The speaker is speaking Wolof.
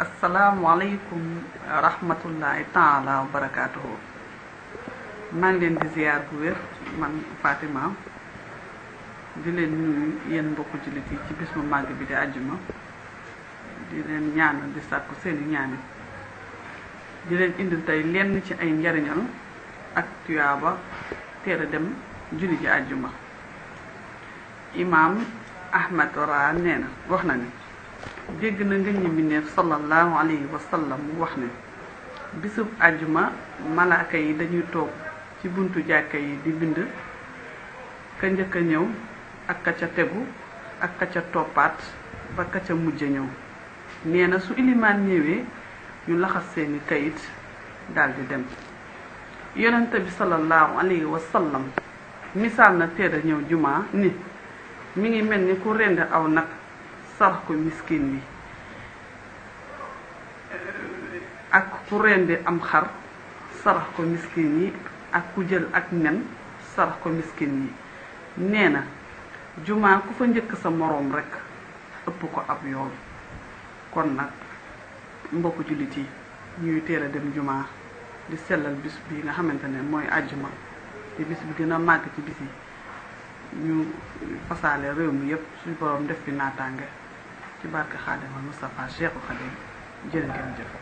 asalaamualeykum wa rahmatullahi taala wa barakaatuhu maa leen di ziar bu wér man Fatima di leen nuyu yéen mbokku jullit yi ci bis bu màgg bi di àjjuma di leen ñaanal di sàkku seeni ñaani di leen indi tey lenn ci ay njariñal ak tuyaaba teel a dem julli ji àjjuma imaam Ahmad Ora nee na wax na ni dégg na nga ñi mbindeef sallallahu alayhi wa wax ne bisub àjjuma malaaka yi dañuy toog ci buntu jàkka yi di bind ka njëkk a ñëw ak ka ca tegu ak ka ca toppaat ba ka ca mujj a ñëw nee na su ilimaan ñëwee ñu laxas seeni kayit daldi dem yonente bi sallallahu alayhi wa sallam misaal na teel a jumaa ni mi ngi mel ni ku rend aw nag sarax ko miskin yi euh, ak ku rendi am xar sarax ko miskin yi ak ku jël ak nen sarax ko miskin yi nee na jumaa ku fa njëkk sa moroom rekk ëpp ko ab yoon kon nag mbokku jullit yi ñuy teel a dem jumaa di sellal bis bi nga xamante ne mooy àjjuma di bis bi gën a màgg ci bis yi ñu fasaale réew mi yépp suñu borom def fi naataange ci barke Xaadimal Mustafaa Seexul Xadiim jërë ngeen jëf